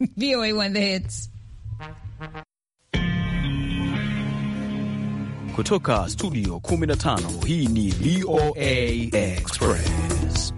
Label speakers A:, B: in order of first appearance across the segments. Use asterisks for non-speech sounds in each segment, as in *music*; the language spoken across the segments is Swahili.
A: *laughs* VOA One the Hits.
B: Kutoka studio 15 hii ni VOA Express.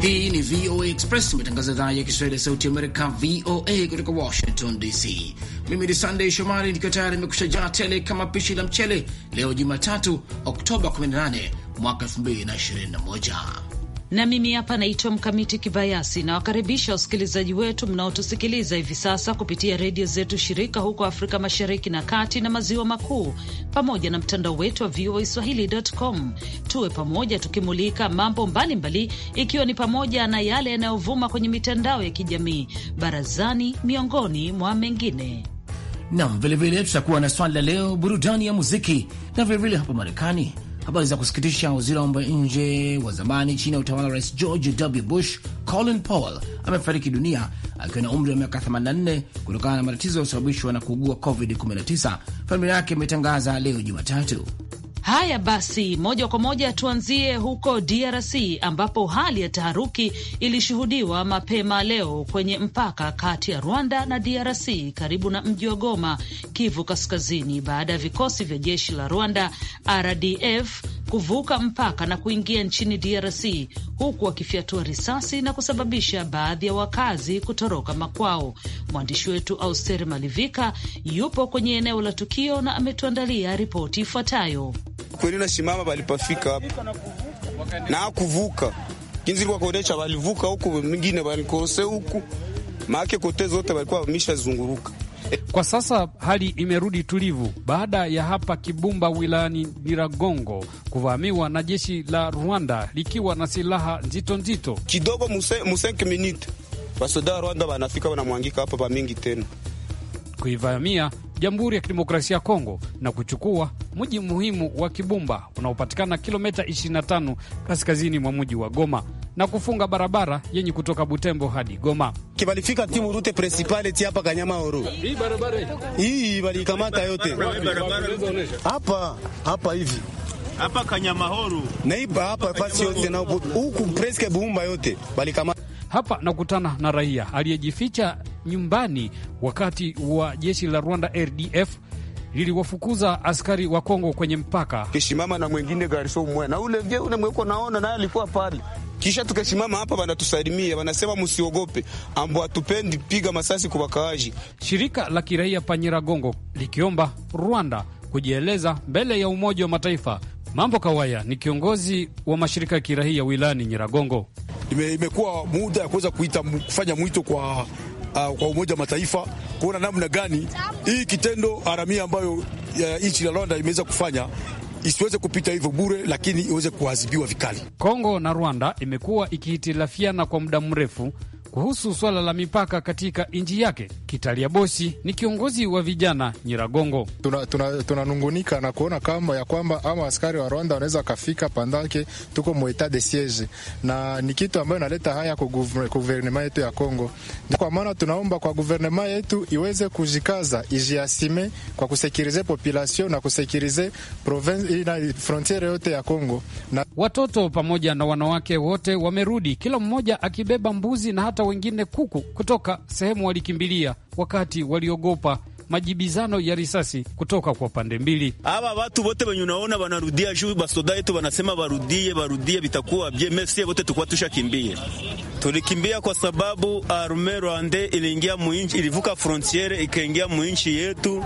B: Hii ni VOA
C: Express, matangazo idhaa ya Kiswahili ya sauti Amerika, VOA kutoka Washington DC. Mimi ni Sunday Shomari, nikiwa tayari nimekusha jaa tele kama pishi la mchele leo Jumatatu Oktoba 18 mwaka 2021
A: na mimi hapa naitwa Mkamiti Kibayasi. Nawakaribisha wasikilizaji wetu mnaotusikiliza hivi sasa kupitia redio zetu shirika huko Afrika Mashariki na Kati na Maziwa Makuu, pamoja na mtandao wetu wa VOA Swahili.com. Tuwe pamoja tukimulika mambo mbalimbali, ikiwa ni pamoja na yale yanayovuma kwenye mitandao ya kijamii, barazani, miongoni mwa mengine.
C: Nam vilevile tutakuwa na swali la leo, burudani ya muziki, na vilevile hapo Marekani Habari za kusikitisha, waziri wa mambo ya nje wa zamani chini ya utawala wa rais George W. Bush, Colin Powell amefariki dunia akiwa na umri wa miaka 84 kutokana na matatizo yaliyosababishwa na kuugua COVID-19, familia yake imetangaza leo Jumatatu.
A: Haya basi, moja kwa moja tuanzie huko DRC ambapo hali ya taharuki ilishuhudiwa mapema leo kwenye mpaka kati ya Rwanda na DRC karibu na mji wa Goma, Kivu Kaskazini, baada ya vikosi vya jeshi la Rwanda RDF kuvuka mpaka na kuingia nchini DRC huku wakifyatua risasi na kusababisha baadhi ya wakazi kutoroka makwao. Mwandishi wetu Auster Malivika yupo kwenye eneo la tukio na ametuandalia ripoti ifuatayo.
B: Kweli nasimama palipafika hapa na kuvuka kinzi kwa kuonyesha walivuka huku, mingine walikose huku maake kote zote walikuwa wameshazunguruka kwa
D: sasa hali imerudi tulivu baada ya hapa Kibumba wilayani niragongo kuvamiwa na jeshi la Rwanda likiwa na silaha nzito nzito. Kidogo
B: musenke minute wasoda wa Rwanda wanafika wanamwangika hapa pamingi tena
D: kuivamia Jamhuri ya Kidemokrasia ya Kongo na kuchukua mji muhimu wa Kibumba unaopatikana kilomita 25 kaskazini mwa mji wa Goma na kufunga barabara yenye kutoka Butembo hadi Goma.
B: kibalifika timu rute principale ti hapa Kanyama oru hii balikamata yote hapa hapa hivi hapa Kanyama Oro na iba hapa fasi yote na huku preske bumba yote balikamata
D: hapa nakutana na raia aliyejificha nyumbani wakati wa jeshi la Rwanda RDF liliwafukuza askari wa Kongo kwenye mpaka.
B: Kishimama na mwingine gariso mwe na ule vye ule mweko naona naye alikuwa pale kisha tukasimama hapa, wanatusalimia wanasema, msiogope, ambo hatupendi piga masasi kwa wakaaji.
D: Shirika la kiraia Panyiragongo likiomba Rwanda kujieleza mbele ya Umoja wa Mataifa. Mambo Kawaya ni kiongozi wa mashirika ya kiraia wilayani Nyiragongo.
B: Imekuwa muda ya kuweza kuita kufanya mwito kwa, uh, kwa Umoja wa Mataifa kuona namna gani hii kitendo haramia ambayo nchi ya Rwanda imeweza kufanya isiweze kupita hivyo bure, lakini iweze kuadhibiwa vikali.
D: Kongo na Rwanda imekuwa ikihitilafiana kwa muda mrefu kuhusu swala la mipaka katika nchi yake. Kitalia Bosi ni kiongozi wa vijana Nyiragongo.
B: Tunanungunika tuna, tuna na kuona kama ya kwamba ama askari wa Rwanda wanaweza wakafika pandake tuko mueta de siege, na ni kitu ambayo inaleta haya kwa guvernema yetu ya Congo. Kwa maana tunaomba kwa guvernema yetu iweze kujikaza, ijiasime kwa kusekirize population na kusekirize province na frontiere yote ya Congo na...
D: watoto pamoja na wanawake wote wamerudi, kila mmoja akibeba mbuzi na hata wengine kuku kutoka sehemu walikimbilia wakati waliogopa majibizano ya risasi kutoka kwa pande mbili.
B: Hawa watu wote wenye unaona wanarudia juu, basoda yetu wanasema warudie, warudie, vitakuwa bie mesie. Wote tukuwa tushakimbie, tulikimbia kwa sababu arme Rwande iliingia muinchi, ilivuka frontiere ikaingia muinchi yetu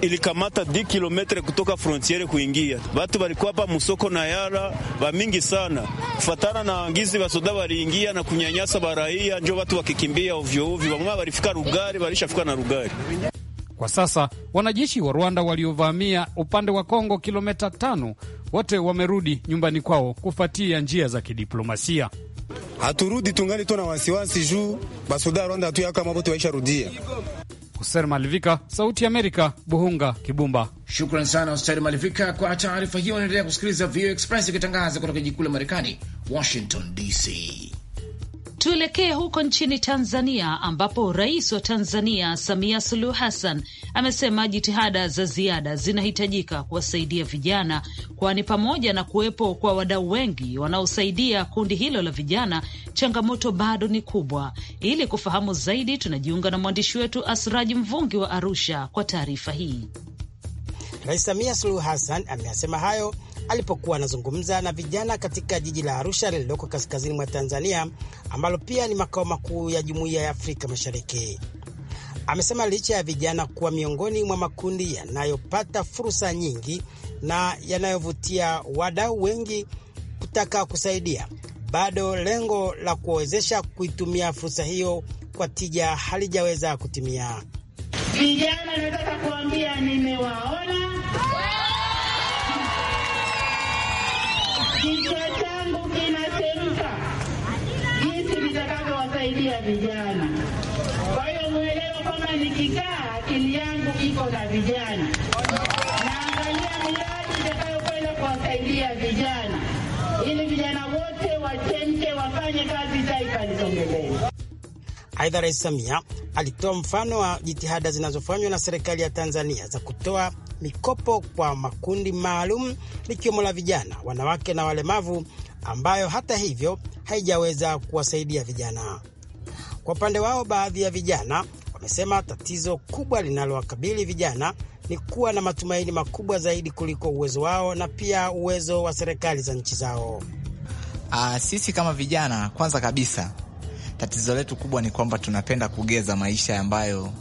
B: ilikamata 10 kilometre kutoka frontiere kuingia. Watu walikuwa hapa musoko na yara wamingi sana, kufatana na wangizi wasoda waliingia na kunyanyasa baraia, njo watu wakikimbia ovyo ovyo, wamwe walifika Rugari, walishafika na Rugari.
D: Kwa sasa wanajeshi wa Rwanda waliovamia upande wa Kongo kilomita tano wote wamerudi nyumbani kwao kufuatia njia za kidiplomasia.
B: Haturudi tungali na wasiwasi juu basoda Rwanda hatuyaka mabote waisharudia
D: Hoser Malivika, Sauti ya Amerika, Buhunga, Kibumba. Shukran sana Hoser Malivika kwa
C: taarifa hiyo. Unaendelea kusikiliza VOA Express ikitangaza kutoka jikuu la Marekani, Washington DC.
A: Tuelekee huko nchini Tanzania ambapo rais wa Tanzania Samia Suluhu Hassan amesema jitihada za ziada zinahitajika kuwasaidia vijana, kwani pamoja na kuwepo kwa wadau wengi wanaosaidia kundi hilo la vijana, changamoto bado ni kubwa. Ili kufahamu zaidi, tunajiunga na mwandishi wetu Asraji Mvungi wa Arusha kwa taarifa hii.
E: Rais Samia Suluhu Hassan ameyasema hayo alipokuwa anazungumza na vijana katika jiji la Arusha lililoko kaskazini mwa Tanzania, ambalo pia ni makao makuu ya Jumuiya ya Afrika Mashariki. Amesema licha ya vijana kuwa miongoni mwa makundi yanayopata fursa nyingi na yanayovutia wadau wengi kutaka kusaidia, bado lengo la kuwawezesha kuitumia fursa hiyo kwa tija halijaweza kutimia. Vijana nataka kuambia nimewao makundi ya vijana. Kwa hiyo mwelewa kwamba nikikaa, akili yangu iko na vijana, naangalia miradi itakayokwenda kuwasaidia vijana ili vijana wote wachemke, wafanye kazi, taifa lisonge. Aidha, Rais Samia alitoa mfano wa jitihada zinazofanywa na serikali ya Tanzania za kutoa mikopo kwa makundi maalum likiwemo la vijana, wanawake na walemavu, ambayo hata hivyo haijaweza kuwasaidia vijana. Kwa upande wao, baadhi ya vijana wamesema tatizo kubwa linalowakabili vijana ni kuwa na matumaini makubwa zaidi kuliko uwezo wao na pia uwezo wa serikali za nchi zao. Uh, sisi kama vijana,
F: kwanza kabisa, tatizo letu kubwa ni kwamba tunapenda kugeza maisha ambayo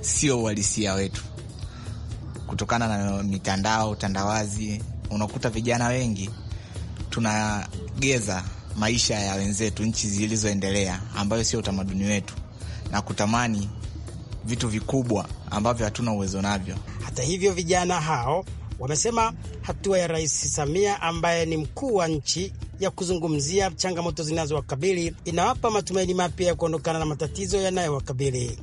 F: sio uhalisia wetu, kutokana na mitandao, tandawazi Unakuta vijana wengi tunageza maisha ya wenzetu nchi zilizoendelea, ambayo sio utamaduni wetu na kutamani vitu vikubwa ambavyo hatuna uwezo navyo.
E: Hata hivyo, vijana hao wamesema hatua ya Rais Samia ambaye ni mkuu wa nchi ya kuzungumzia changamoto zinazowakabili inawapa matumaini mapya ya kuondokana na matatizo yanayowakabili.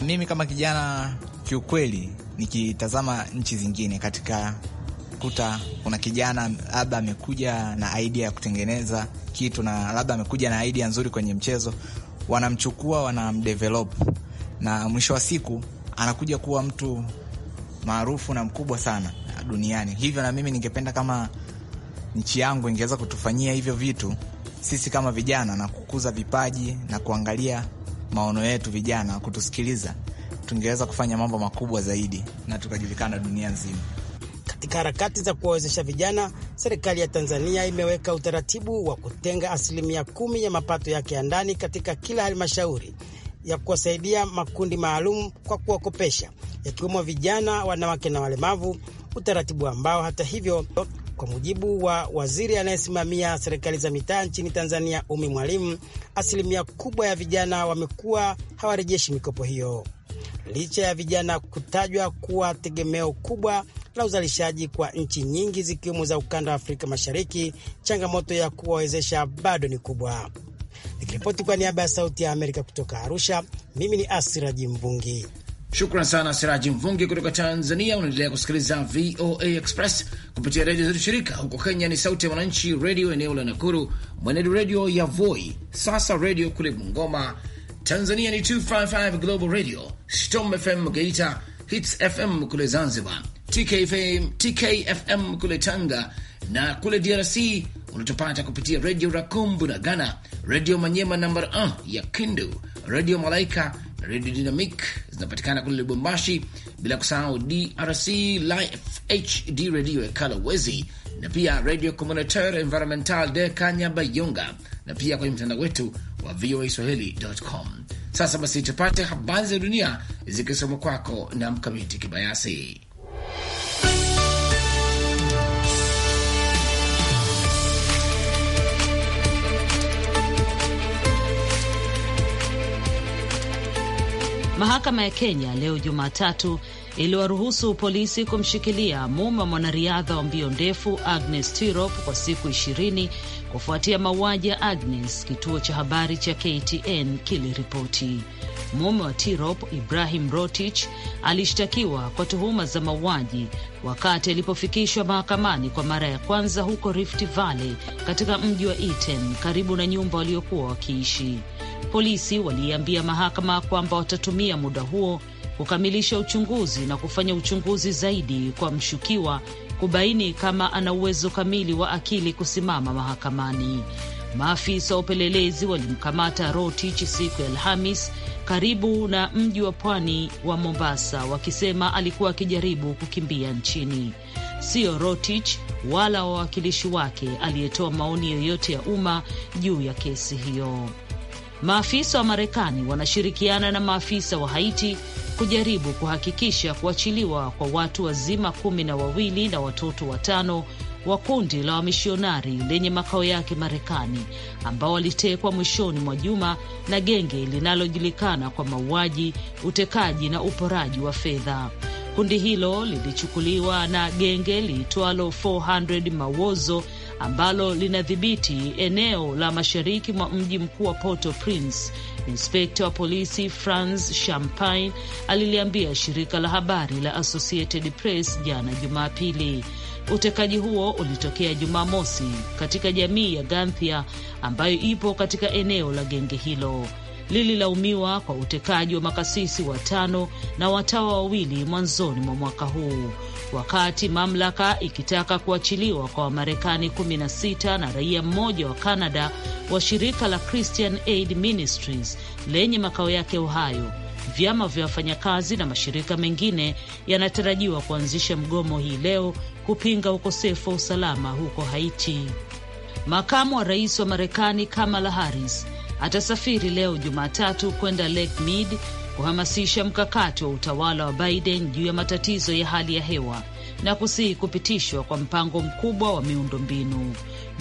F: Mimi kama kijana, kiukweli, nikitazama nchi zingine katika unakuta kuna kijana labda amekuja na idea ya kutengeneza kitu na labda amekuja na idea nzuri kwenye mchezo, wanamchukua wanamdevelop, na mwisho wa siku anakuja kuwa mtu maarufu na mkubwa sana duniani. Hivyo na mimi ningependa kama nchi yangu ingeweza kutufanyia hivyo vitu sisi kama vijana, na kukuza vipaji na kuangalia maono yetu vijana, kutusikiliza, tungeweza kufanya mambo makubwa zaidi na tukajulikana dunia nzima.
E: Katika harakati za kuwawezesha vijana, serikali ya Tanzania imeweka utaratibu wa kutenga asilimia kumi ya mapato yake ya ndani katika kila halmashauri ya kuwasaidia makundi maalum kwa kuwakopesha, yakiwemo vijana, wanawake na walemavu, utaratibu ambao hata hivyo kwa mujibu wa waziri anayesimamia serikali za mitaa nchini Tanzania, Umi Mwalimu, asilimia kubwa ya vijana wamekuwa hawarejeshi mikopo hiyo licha ya vijana kutajwa kuwa tegemeo kubwa la uzalishaji kwa nchi nyingi zikiwemo za ukanda wa Afrika Mashariki, changamoto ya kuwawezesha bado ni kubwa. Nikiripoti kwa niaba ya Sauti ya Amerika kutoka Arusha, mimi ni Asiraji Mvungi. Shukran
C: sana Siraji Mvungi kutoka Tanzania. Unaendelea kusikiliza VOA Express kupitia redio zetu shirika. Huko Kenya ni Sauti ya Mwananchi redio eneo la Nakuru, Mwenedu redio ya Voi, Sasa redio kule Bungoma, Tanzania ni 255 Global Radio, Storm FM Geita, Hits FM kule Zanzibar, TKFM, TKFM kule Tanga na kule DRC unatupata kupitia Radio Rakumbu na Ghana, Radio Manyema namba 1 ya Kindu, Radio Malaika na Radio Dynamic zinapatikana kule Lubumbashi, bila kusahau DRC Live HD Radio ya Kalawezi na pia Radio Communautaire Environmental de Kanyabayonga na pia kwenye mtandao wetu wa VOA Swahili.com. Sasa basi tupate habari za dunia zikisoma kwako na Mkamiti Kibayasi.
A: Mahakama ya Kenya leo Jumatatu iliwaruhusu polisi kumshikilia mume wa mwanariadha wa mbio ndefu Agnes Tirop kwa siku ishirini kufuatia mauaji ya Agnes, kituo cha habari cha KTN kiliripoti. Mume wa Tirop, Ibrahim Rotich, alishtakiwa kwa tuhuma za mauaji wakati alipofikishwa mahakamani kwa mara ya kwanza huko Rift Valley katika mji wa Iten karibu na nyumba waliokuwa wakiishi. Polisi waliiambia mahakama kwamba watatumia muda huo kukamilisha uchunguzi na kufanya uchunguzi zaidi kwa mshukiwa kubaini kama ana uwezo kamili wa akili kusimama mahakamani. Maafisa wa upelelezi walimkamata Rotich siku ya Alhamis karibu na mji wa pwani wa Mombasa, wakisema alikuwa akijaribu kukimbia nchini. Sio Rotich wala wawakilishi wake aliyetoa maoni yoyote ya umma juu ya kesi hiyo. Maafisa wa Marekani wanashirikiana na maafisa wa Haiti kujaribu kuhakikisha kuachiliwa kwa watu wazima kumi na wawili na watoto watano wa kundi la wamishionari lenye makao yake Marekani ambao walitekwa mwishoni mwa juma na genge linalojulikana kwa mauaji, utekaji na uporaji wa fedha. Kundi hilo lilichukuliwa na genge liitwalo 400 Mawozo ambalo linadhibiti eneo la mashariki mwa mji mkuu wa porto prince Inspekta wa polisi Franz Champagne aliliambia shirika la habari la Associated Press jana Jumapili. Utekaji huo ulitokea Jumamosi katika jamii ya Ganthia ambayo ipo katika eneo la genge hilo lililaumiwa kwa utekaji wa makasisi watano na watawa wawili mwanzoni mwa mwaka huu, wakati mamlaka ikitaka kuachiliwa kwa Wamarekani 16 na raia mmoja wa Kanada wa shirika la Christian Aid Ministries lenye makao yake Ohio. Vyama vya wafanyakazi na mashirika mengine yanatarajiwa kuanzisha mgomo hii leo kupinga ukosefu wa usalama huko Haiti. Makamu wa rais wa Marekani Kamala Harris atasafiri leo Jumatatu kwenda Lake Mead kuhamasisha mkakati wa utawala wa Biden juu ya matatizo ya hali ya hewa na kusihi kupitishwa kwa mpango mkubwa wa miundombinu.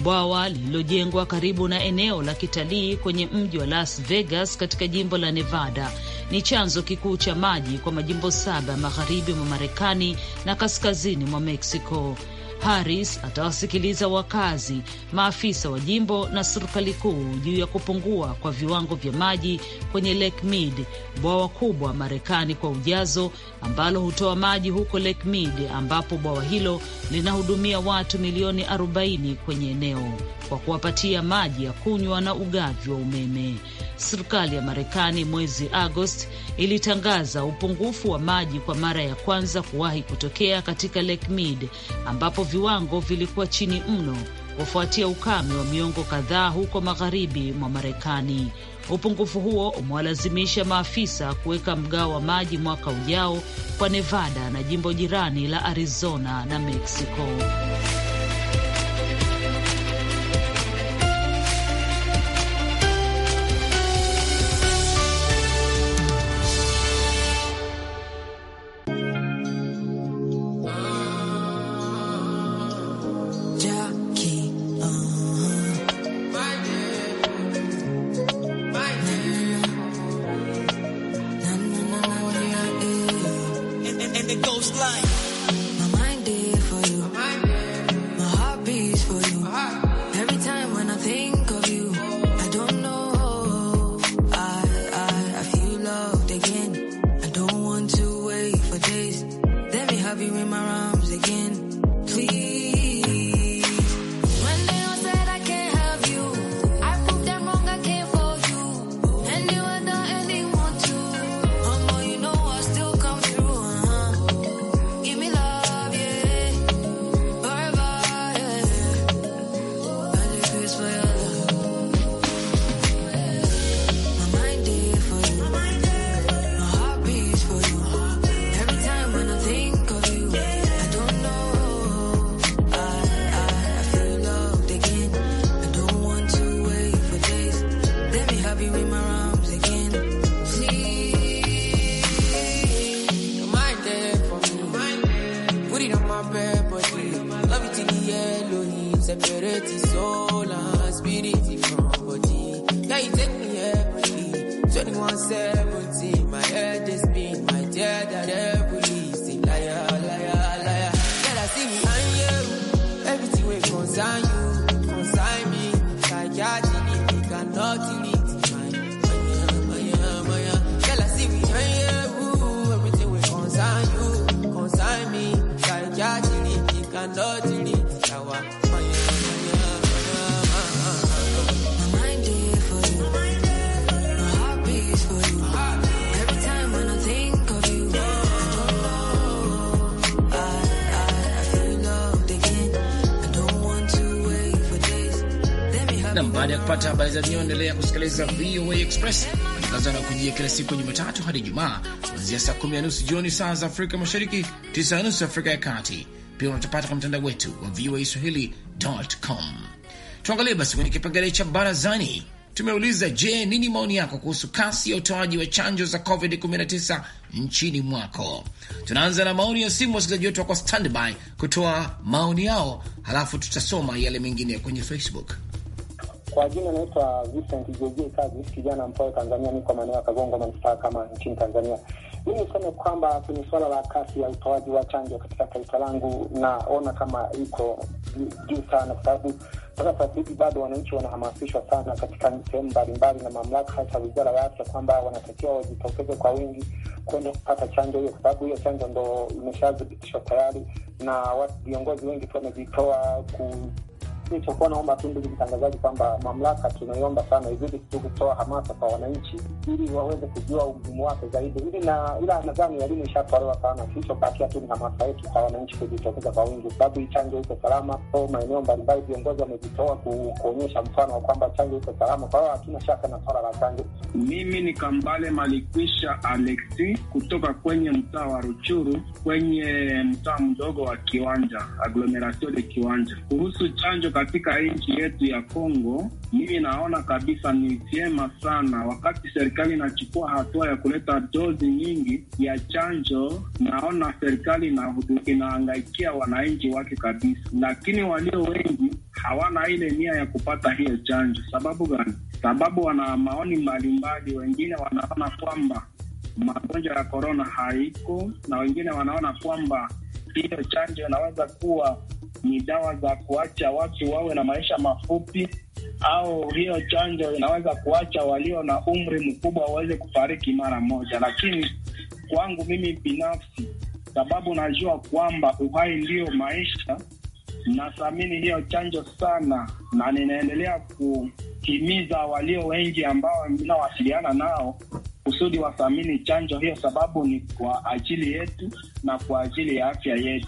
A: Bwawa lililojengwa karibu na eneo la kitalii kwenye mji wa Las Vegas katika jimbo la Nevada ni chanzo kikuu cha maji kwa majimbo saba magharibi mwa Marekani na kaskazini mwa Meksiko. Harris atawasikiliza wakazi, maafisa wa jimbo na serikali kuu juu ya kupungua kwa viwango vya maji kwenye Lake Mead, bwawa kubwa Marekani kwa ujazo ambalo hutoa maji huko Lake Mead, ambapo bwawa hilo linahudumia watu milioni 40 kwenye eneo kwa kuwapatia maji ya kunywa na ugavi wa umeme serikali ya Marekani mwezi Agosti ilitangaza upungufu wa maji kwa mara ya kwanza kuwahi kutokea katika Lake Mead ambapo viwango vilikuwa chini mno kufuatia ukame wa miongo kadhaa huko magharibi mwa Marekani. Upungufu huo umewalazimisha maafisa kuweka mgao wa maji mwaka ujao kwa Nevada na jimbo jirani la Arizona na Mexico.
C: it is Baada ya kupata habari za dunia, endelea kusikiliza VOA Express matangazo yanayokujia kila siku Jumatatu hadi Ijumaa, kuanzia saa kumi na nusu jioni saa za Afrika Mashariki, tisa na nusu Afrika ya Kati. Pia unatupata kwa mtandao wetu wa VOA Swahili.com. Tuangalie basi kwenye kipengele cha barazani. Tumeuliza, je, nini maoni yako kuhusu kasi ya utoaji wa chanjo za covid-19 nchini mwako? Tunaanza na maoni ya simu. Wasikilizaji wetu wako standby kutoa maoni yao, halafu tutasoma yale mengine kwenye Facebook.
B: Kwa jina naitwa Vincent JJ Kazi, kijana mpoe Tanzania, niko maeneo ya Kagongo manispaa kama nchini Tanzania. Mimi niseme kwamba kwenye suala la kasi ya utoaji wa chanjo katika taifa langu naona kama iko juu sana, kwa sababu mpaka sasa hivi bado wananchi wanahamasishwa sana katika sehemu mbalimbali na mamlaka, hasa wizara ya afya, kwamba wanatakiwa wajitokeze kwa wingi kwenda kupata chanjo hiyo, kwa sababu hiyo chanjo ndo imeshadhibitishwa tayari na viongozi wengi tu wamejitoa ku nilichokuwa naomba tu, ndugu mtangazaji, kwamba mamlaka tunaiomba sana izidi tu kutoa hamasa kwa wananchi, ili waweze kujua umuhimu wake zaidi, ili na ila nadhani elimu ishatolewa sana. Kilichobakia tu ni hamasa yetu kwa wananchi kujitokeza kwa wingi, sababu hii chanjo iko salama o maeneo mbalimbali. Viongozi wamejitoa kuonyesha mfano wa kwamba chanjo iko salama, kwa hiyo hatuna shaka na swala la chanjo. Mimi ni Kambale Malikwisha Alexi kutoka kwenye mtaa wa Ruchuru kwenye mtaa mdogo wa Kiwanja, aglomeratio de Kiwanja kuhusu chanjo katika nchi yetu ya Kongo, mimi naona kabisa ni vyema sana wakati serikali inachukua hatua ya kuleta dozi nyingi ya chanjo. Naona serikali inahangaikia wananchi wake kabisa, lakini walio wengi hawana ile nia ya kupata hiyo chanjo. Sababu gani? Sababu wana maoni mbalimbali. Wengine wanaona kwamba magonjwa ya korona haiko, na wengine wanaona kwamba hiyo chanjo inaweza kuwa ni dawa za kuacha watu wawe na maisha mafupi, au hiyo chanjo inaweza kuacha walio na umri mkubwa waweze kufariki mara moja. Lakini kwangu mimi binafsi, sababu najua kwamba uhai ndiyo maisha, nathamini hiyo chanjo sana, na ninaendelea kuhimiza walio wengi ambao ninawasiliana nao kusudi wathamini chanjo hiyo, sababu ni kwa ajili yetu na kwa ajili ya afya yetu.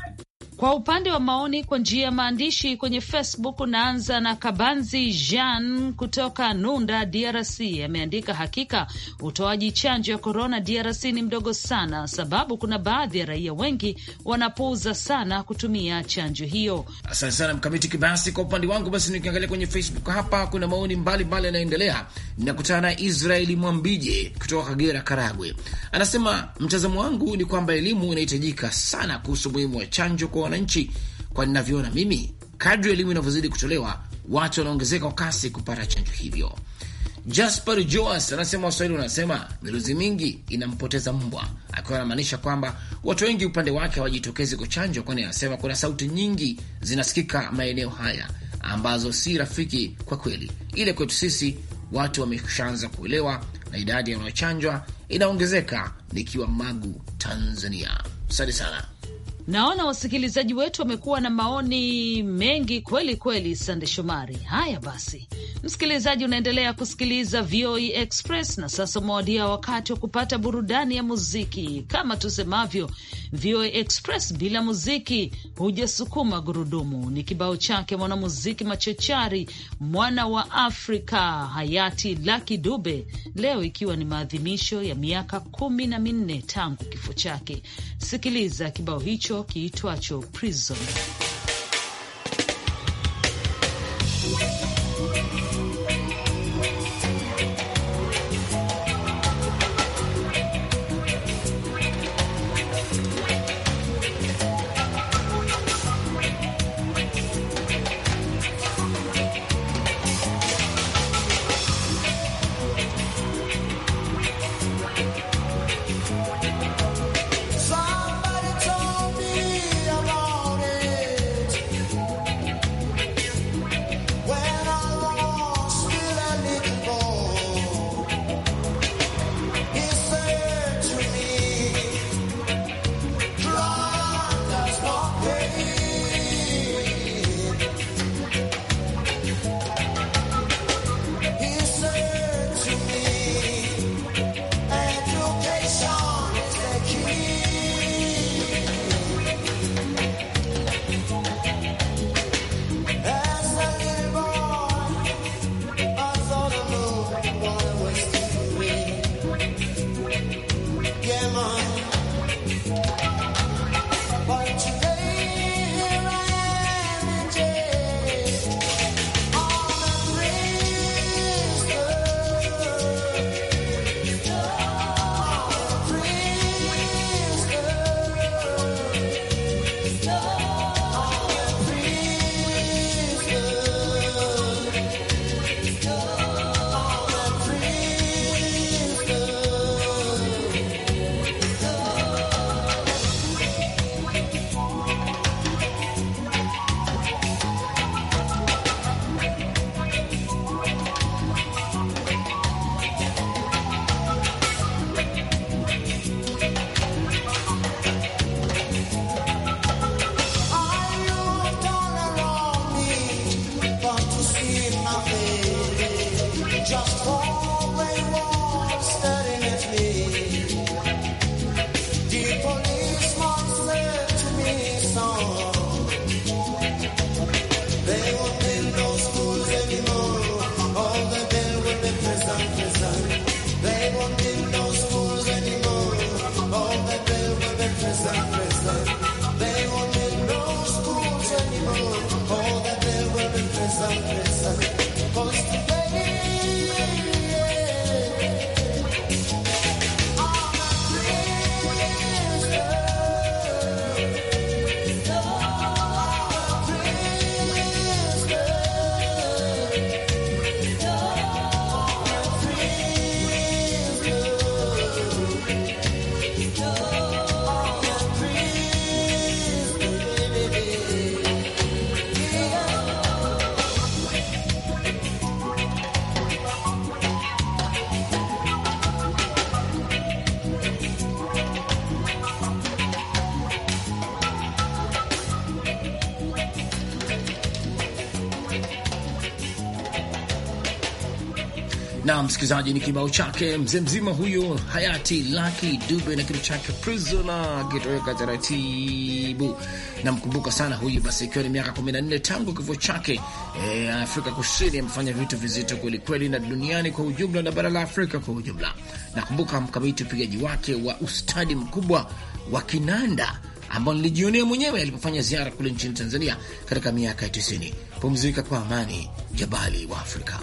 A: Kwa upande wa maoni kwa njia ya maandishi kwenye Facebook, naanza na Kabanzi Jean kutoka Nunda, DRC. Ameandika, hakika utoaji chanjo ya korona DRC ni mdogo sana, sababu kuna baadhi ya raia wengi wanapuuza sana kutumia chanjo hiyo.
C: Asante sana Mkamiti Kibasi. Kwa upande wangu basi, nikiangalia kwenye Facebook hapa kuna maoni mbalimbali yanayoendelea nakutana na Israeli Mwambije kutoka Kagera, Karagwe, anasema mtazamo wangu ni kwamba elimu inahitajika sana kuhusu umuhimu wa chanjo kwa wananchi, Kwa ninavyoona mimi, kadri elimu inavyozidi kutolewa, watu wanaongezeka kwa kasi kupata chanjo hivyo. Jasper Joas anasema Waswahili wanasema miruzi mingi inampoteza mbwa, akiwa anamaanisha kwamba watu wengi upande wake hawajitokezi chanjo, kwani anasema kuna sauti nyingi zinasikika maeneo haya ambazo si rafiki kwa kweli. Ile kwetu sisi watu wameshaanza kuelewa na idadi ya wanaochanjwa inaongezeka, nikiwa Magu, Tanzania. Asante sana.
A: Naona wasikilizaji wetu wamekuwa na maoni mengi kweli kweli, Sande Shomari. Haya basi, msikilizaji, unaendelea kusikiliza VOA e Express na sasa umewadia wakati wa kupata burudani ya muziki. Kama tusemavyo, VOA e Express bila muziki hujasukuma gurudumu. Ni kibao chake mwanamuziki machochari mwana wa Afrika, hayati Lucky Dube, leo ikiwa ni maadhimisho ya miaka kumi na minne tangu kifo chake. Sikiliza kibao hicho kiitwacho Prison.
C: msikilizaji, ni kibao chake mzee mzima huyo hayati Lucky Dube na kitu chake Prisoner kitoweka taratibu. Namkumbuka sana huyu, basi ikiwa ni miaka 14 tangu kifo chake. E, Afrika Kusini amefanya vitu vizito kwelikweli, na duniani kwa ujumla na bara la Afrika kwa ujumla. Nakumbuka mkamiti upigaji wake wa ustadi mkubwa wa kinanda ambao nilijionea mwenyewe alipofanya ziara kule nchini Tanzania katika miaka ya 90. Pumzika kwa amani, jabali wa Afrika.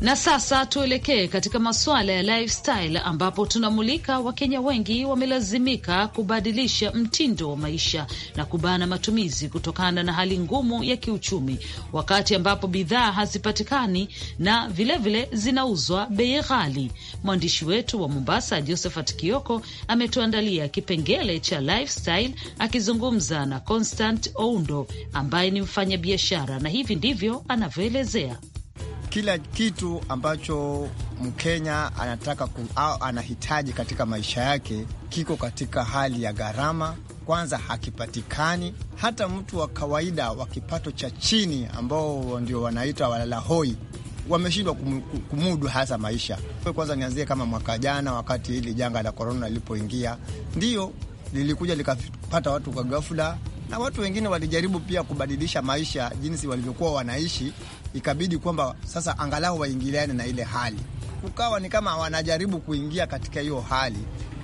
A: Na sasa tuelekee katika masuala ya lifestyle, ambapo tunamulika Wakenya wengi wamelazimika kubadilisha mtindo wa maisha na kubana matumizi kutokana na hali ngumu ya kiuchumi, wakati ambapo bidhaa hazipatikani na vilevile zinauzwa bei ghali. Mwandishi wetu wa Mombasa, Josephat Kioko, ametuandalia kipengele cha lifestyle akizungumza na Constant Oundo ambaye ni mfanyabiashara, na hivi ndivyo anavyoelezea
G: kila kitu ambacho Mkenya anataka ku, au anahitaji katika maisha yake kiko katika hali ya gharama. Kwanza hakipatikani. Hata mtu wa kawaida wa kipato cha chini ambao ndio wanaita walala hoi wameshindwa kumudu hasa maisha. Kwanza nianzie kama mwaka jana, wakati hili janga la korona lilipoingia, ndio lilikuja likapata watu kwa ghafula na watu wengine walijaribu pia kubadilisha maisha jinsi walivyokuwa wanaishi, ikabidi kwamba sasa angalau waingiliane na ile hali, ukawa ni kama wanajaribu kuingia katika hiyo hali.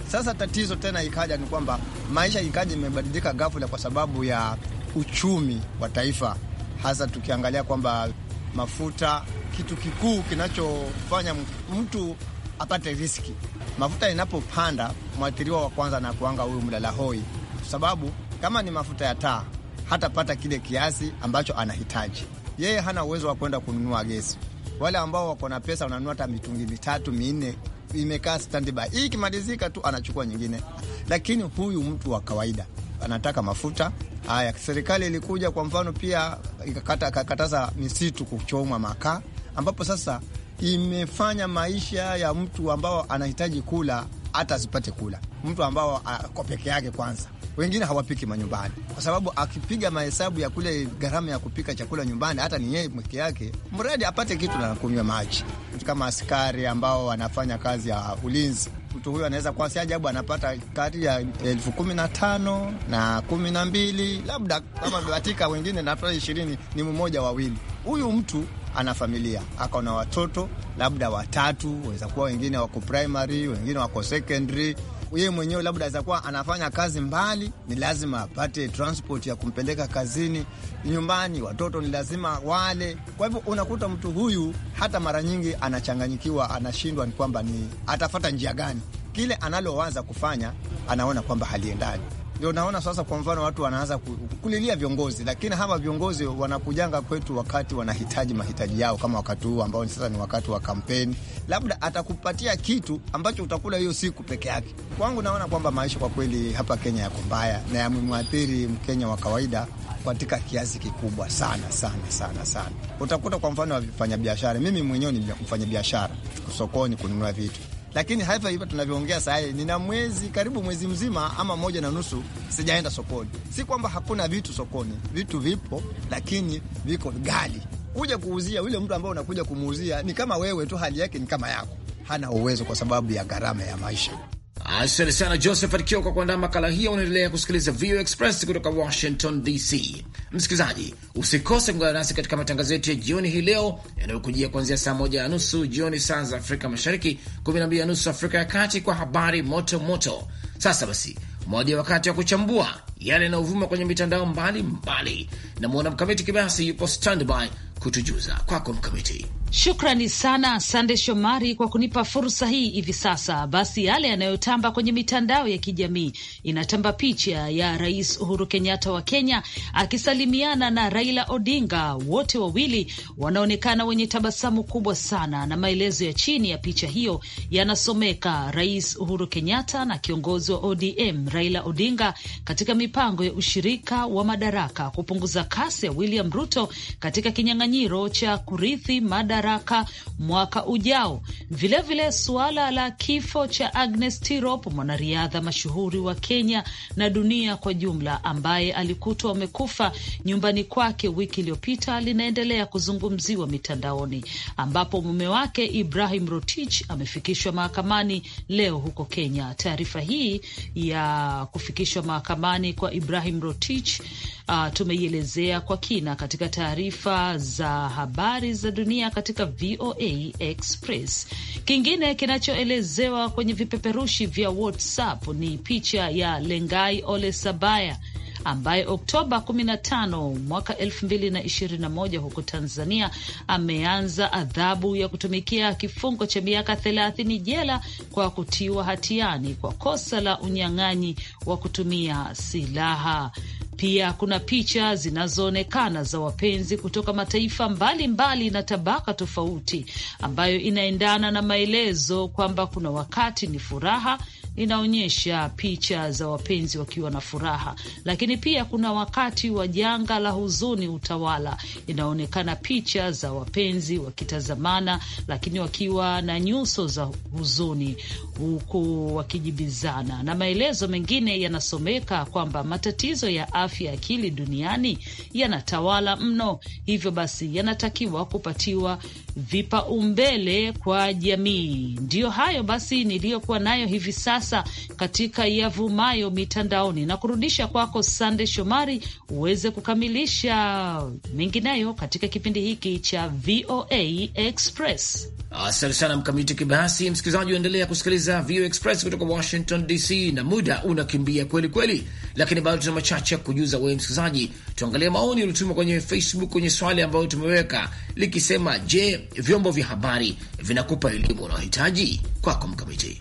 G: Sasa tatizo tena ikaja ni kwamba maisha ikaja imebadilika ghafla kwa sababu ya uchumi wa taifa, hasa tukiangalia kwamba mafuta, kitu kikuu kinachofanya mtu apate riski. Mafuta inapopanda, mwathiriwa wa kwanza na kuanga huyu mlalahoi, sababu kama ni mafuta ya taa, hatapata kile kiasi ambacho anahitaji yeye. Hana uwezo wa kwenda kununua gesi. Wale ambao wako na pesa wananunua hata mitungi mitatu minne, imekaa standby, hii ikimalizika tu anachukua nyingine. Lakini huyu mtu wa kawaida anataka mafuta haya. Serikali ilikuja kwa mfano pia ikakataza misitu kuchomwa makaa, ambapo sasa imefanya maisha ya mtu ambao anahitaji kula hata asipate kula, mtu ambao kwa peke yake kwanza wengine hawapiki manyumbani, kwa sababu akipiga mahesabu ya kule gharama ya kupika chakula nyumbani, hata ni yeye mweke yake, mradi apate kitu na kunywa maji. Kama askari ambao wanafanya kazi ya ulinzi, mtu huyu anaweza kuwa si ajabu anapata kati ya elfu kumi na tano na kumi na mbili labda kama katika wengine natoa ishirini ni mmoja wawili. Huyu mtu ana familia akaona na watoto labda watatu, waweza kuwa wengine wako primary, wengine wako secondary, yeye mwenyewe labda aweza kuwa anafanya kazi mbali, ni lazima apate transport ya kumpeleka kazini, nyumbani watoto ni lazima wale. Kwa hivyo unakuta mtu huyu hata mara nyingi anachanganyikiwa, anashindwa ni kwamba ni atafata njia gani, kile analowaza kufanya anaona kwamba haliendani. Ndio naona sasa, kwa mfano, watu wanaanza kulilia viongozi, lakini hawa viongozi wanakujanga kwetu wakati wanahitaji mahitaji yao, kama wakati huu ambao sasa ni wakati wa kampeni, labda atakupatia kitu ambacho utakula hiyo siku peke yake. Kwangu naona kwamba maisha kwa kweli hapa Kenya yako mbaya na yamemwathiri Mkenya wa kawaida katika kiasi kikubwa sana sana sana sana. Utakuta kwa mfano wa mimi mwenyewe ni mfanyabiashara sokoni kununua vitu lakini hata hivyo tunavyoongea saa hii nina mwezi karibu mwezi mzima ama moja na nusu sijaenda sokoni. Si kwamba hakuna vitu sokoni, vitu vipo, lakini viko ghali. Kuja kuuzia yule mtu ambaye unakuja kumuuzia ni kama wewe tu, hali yake ni kama yako, hana uwezo kwa sababu ya gharama ya maisha. Asante sana Joseph Kioko kwa kuandaa makala hiyo.
C: Unaendelea kusikiliza VOA Express kutoka Washington DC. Msikilizaji, usikose kuungana nasi katika matangazo yetu ya jioni hii leo yanayokujia kuanzia saa moja na nusu jioni saa za Afrika Mashariki, kumi na mbili na nusu Afrika ya Kati, kwa habari moto moto. Sasa basi, moja wakati wa kuchambua yale yanayovuma kwenye mitandao mbalimbali. Namwona Mkamiti Kibayasi yupo standby kutujuza. Kwako Mkamiti.
A: Shukrani sana Sande Shomari kwa kunipa fursa hii. Hivi sasa basi, yale yanayotamba kwenye mitandao ya kijamii, inatamba picha ya Rais Uhuru Kenyatta wa Kenya akisalimiana na Raila Odinga. Wote wawili wanaonekana wenye tabasamu kubwa sana, na maelezo ya chini ya picha hiyo yanasomeka: Rais Uhuru Kenyatta na kiongozi wa ODM Raila Odinga katika mipango ya ushirika wa madaraka, kupunguza kasi ya William Ruto katika kinyang'anyiro cha kurithi mada madaraka mwaka ujao. Vilevile suala la kifo cha Agnes Tirop, mwanariadha mashuhuri wa Kenya na dunia kwa jumla, ambaye alikutwa amekufa nyumbani kwake wiki iliyopita, linaendelea kuzungumziwa mitandaoni, ambapo mume wake Ibrahim Rotich amefikishwa mahakamani leo huko Kenya. Taarifa hii ya kufikishwa mahakamani kwa Ibrahim Rotich uh, tumeielezea kwa kina katika taarifa za habari za dunia katika katika VOA Express. Kingine kinachoelezewa kwenye vipeperushi vya WhatsApp ni picha ya Lengai Ole Sabaya ambaye Oktoba 15 mwaka 2021 huko Tanzania ameanza adhabu ya kutumikia kifungo cha miaka 30 jela kwa kutiwa hatiani kwa kosa la unyang'anyi wa kutumia silaha. Pia kuna picha zinazoonekana za wapenzi kutoka mataifa mbalimbali mbali na tabaka tofauti, ambayo inaendana na maelezo kwamba kuna wakati ni furaha inaonyesha picha za wapenzi wakiwa na furaha, lakini pia kuna wakati wa janga la huzuni utawala. Inaonekana picha za wapenzi wakitazamana, lakini wakiwa na nyuso za huzuni, huku wakijibizana, na maelezo mengine yanasomeka kwamba matatizo ya afya ya akili duniani yanatawala mno, hivyo basi yanatakiwa kupatiwa vipaumbele kwa jamii. Ndiyo hayo basi niliyokuwa nayo hivi sasa sasa katika yavumayo mitandaoni, na kurudisha kwako Sande Shomari uweze kukamilisha mengineyo katika kipindi hiki cha VOA Express.
C: Asante sana Mkamiti Kibahasi. Msikilizaji, unaendelea kusikiliza VOA Express kutoka Washington DC, na muda unakimbia kweli kweli, lakini bado tuna machache ya kujuza wewe msikilizaji. Tuangalie maoni uliotuma kwenye Facebook kwenye swali ambayo tumeweka likisema, je, vyombo vya habari vinakupa elimu unaohitaji? Kwako Mkamiti.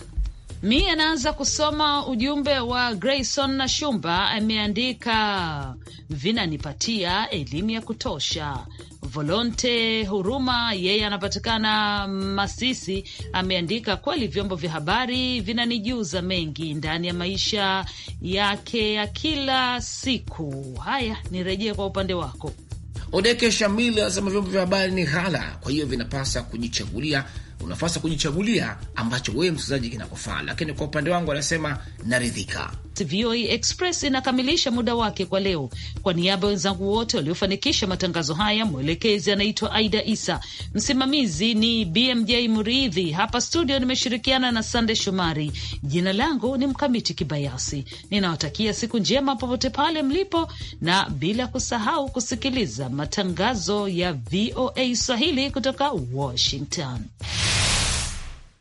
A: Mi anaanza kusoma ujumbe wa Grayson na Shumba, ameandika vinanipatia elimu ya kutosha. Volonte Huruma yeye anapatikana Masisi, ameandika kweli, vyombo vya habari vinanijuza mengi ndani ya maisha yake ya kila siku. Haya, nirejee kwa upande wako
C: Odeke Shamil anasema vyombo vya habari ni ghala, kwa hiyo vinapasa kujichagulia unafasa kujichagulia ambacho wewe msikilizaji kinakofaa Lakini kwa upande wangu anasema naridhika.
A: VOA Express inakamilisha muda wake kwa leo. Kwa niaba ya wenzangu wote waliofanikisha matangazo haya, mwelekezi anaitwa Aida Isa, msimamizi ni BMJ Muridhi. Hapa studio nimeshirikiana na Sande Shomari. Jina langu ni Mkamiti Kibayasi, ninawatakia siku njema popote pale mlipo, na bila kusahau kusikiliza matangazo ya VOA Swahili kutoka Washington.